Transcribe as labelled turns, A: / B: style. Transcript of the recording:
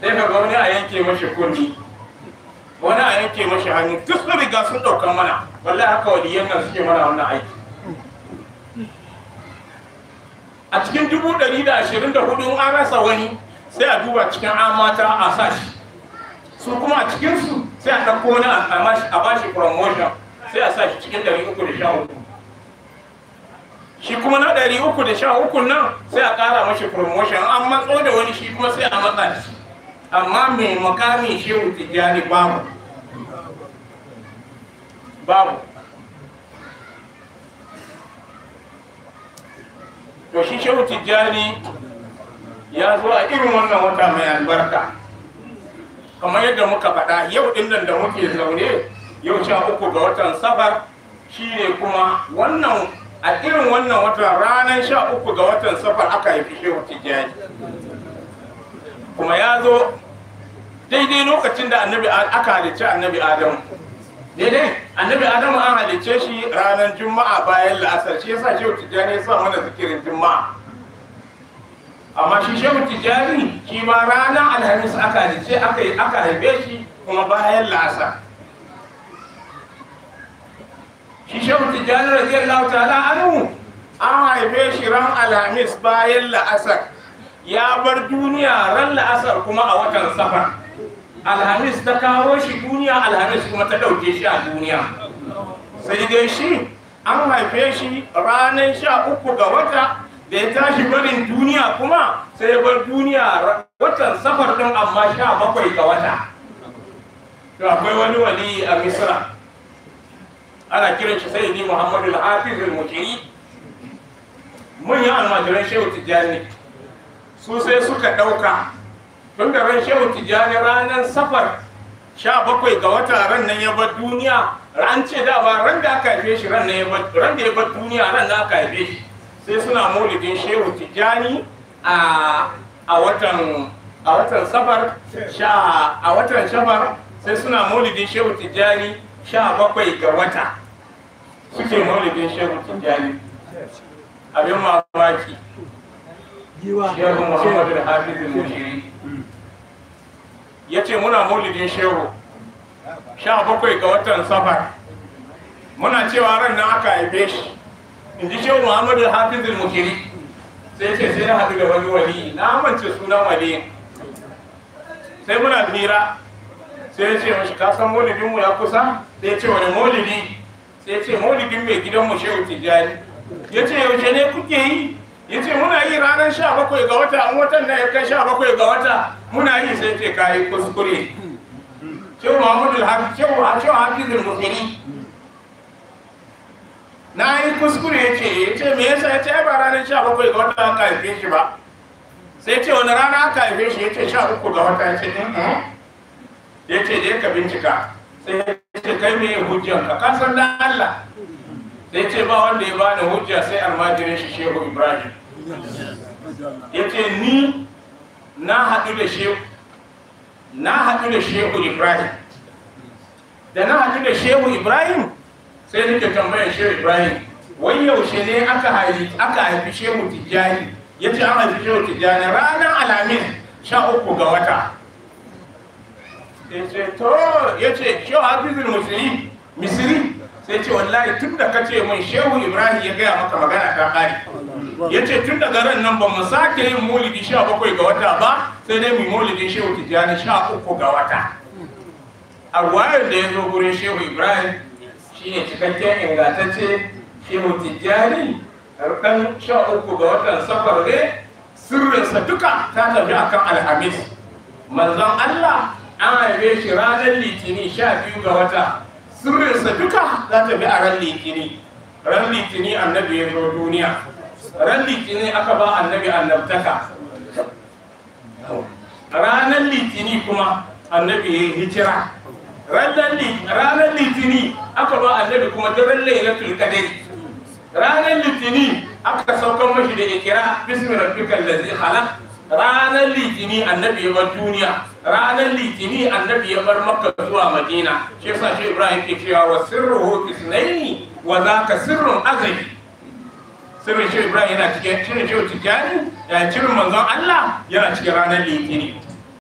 A: sai ka ga wani a yanke mashi kunni wani a yanke mashi hannu duk sun riga sun ɗaukan mana wallahi haka waliyan nan suke mana wannan aiki a cikin dubu ɗari da ashirin da hudu an rasa wani sai a duba cikin an mata a sa shi su kuma a cikinsu sai a ɗauko wani a ba shi promotion sai a sa shi cikin ɗari uku da sha uku shi kuma na ɗari uku da sha uku nan sai a ƙara mashi promotion an matso da wani shi kuma sai a matsa shi amma mai makamin shehu tijjani babu babu to shi shehu tijjani ya zo a irin wannan wata mai albarka kamar yadda muka faɗa yau ɗin da muke zaune yau sha uku ga watan safar shi ne kuma wannan a irin wannan wata ranar sha uku ga watan safar aka haifi shehu tijjani kuma ya zo daidai lokacin da annabi aka halicci annabi adamu daidai annabi adamu an halicce shi ranar juma'a bayan la'asar shi yasa shehu tijjani ya sa mana zikirin juma'a amma shi shehu tijjani shi ma ranar alhamis aka halicce aka yi aka haife shi kuma bayan la'asar shi shehu tijjani radiyallahu ta'ala anhu an haife shi ran alhamis bayan la'asar ya bar duniya ran la'asar kuma a watan safar alhamis ta kawo shi duniya alhamis kuma ta ɗauke shi a duniya sai dai shi an haife shi ranar sha uku ga wata da ya tashi barin duniya kuma sai ya bar duniya watan safar ɗin amma sha bakwai ga wata to akwai wani wali a misra ana kiran shi sai ni muhammadu al-hafiz al-mukiri mun yi almajiran shehu tijjani su sai suka ɗauka tun da ran shehu tijjani ranar safar sha bakwai ga wata ran nan ya bar duniya ran ce ba ran da aka haife shi ran da ya bar duniya ran da aka haife shi sai suna maulidin shehu tijjani a watan a watan safar sha a watan safar sai suna maulidin shehu tijjani sha bakwai ga wata suke maulidin shehu tijjani abin mamaki giwa shehu muhammadu da hafizin mushiri mm. ya ce muna maulidin shehu sha bakwai ga watan safar muna cewa ran na aka haife shi in ji shehu muhammadu da hafizin mushiri sai ce sai na haɗu da wani wali na amince sunan wali sai muna hira sai ce mashi ka san maulidin mu ya kusa sai ce wani maulidi sai ce maulidin mai gidan mu shehu tijjani ya ce yaushe ne kuke yi ya ce muna yi ranar sha bakwai ga wata an watan na ya kai sha bakwai ga wata muna yi sai ce ka yi kuskure kyau muhammadu cewa cewa hafizul musulmi na yi kuskure ya ce ya ce me yasa ya ce ba ranar sha bakwai ga wata an haife shi ba sai ce wani rana aka haife shi ya ce sha uku ga wata ya ce hmm, hmm. ya ce je ka bincika sai ya ce kai me hujjanka ka san dan Allah ya ce ba wanda ya bani hujja sai almajirin shi shehu ibrahim ya ce ni na haɗu da shehu na haɗu da shehu ibrahim da na haɗu da shehu ibrahim sai nake tambayar shehu ibrahim wai yaushe ne aka haifi shehu tijjani ya ce an haifi shehu tijjani ranar alamin sha uku ga wata ya ce to ya ce shehu hafizul musulmi misiri sai ce wallahi tun da ka ce mai shehu ibrahim ya gaya maka magana ta kare ya ce tun daga ran nan ba mu sake yin maulidi sha bakwai ga wata ba sai dai mu maulidin shehu tijjani sha uku ga wata a da ya zo gurin shehu ibrahim shine cikakken ingantacce shehu tijjani karkan sha uku ga watan safar ne sirrinsa duka ta tafi akan alhamis manzon allah an haife shi ranar litinin sha biyu ga wata sirrinsa duka za ta bi a ran litini ran litini annabi ya zo duniya ran litini aka ba annabi annabtaka ranar litini kuma annabi ya hijira ranar litini aka ba annabi kuma ta daren lailatul qadri ranar litini aka saukar mashi da ikira bismi rabbikal ladzi khalaq ranar litini annabi ya bar duniya ranar litini annabi ya bar makka zuwa madina shi yasa shi ibrahim ke cewa wa sirruhu isnaini wa zaka sirrun azali sirrin shi ibrahim yana cikin cire shi tijani ya cikin manzon allah yana cikin ranar litini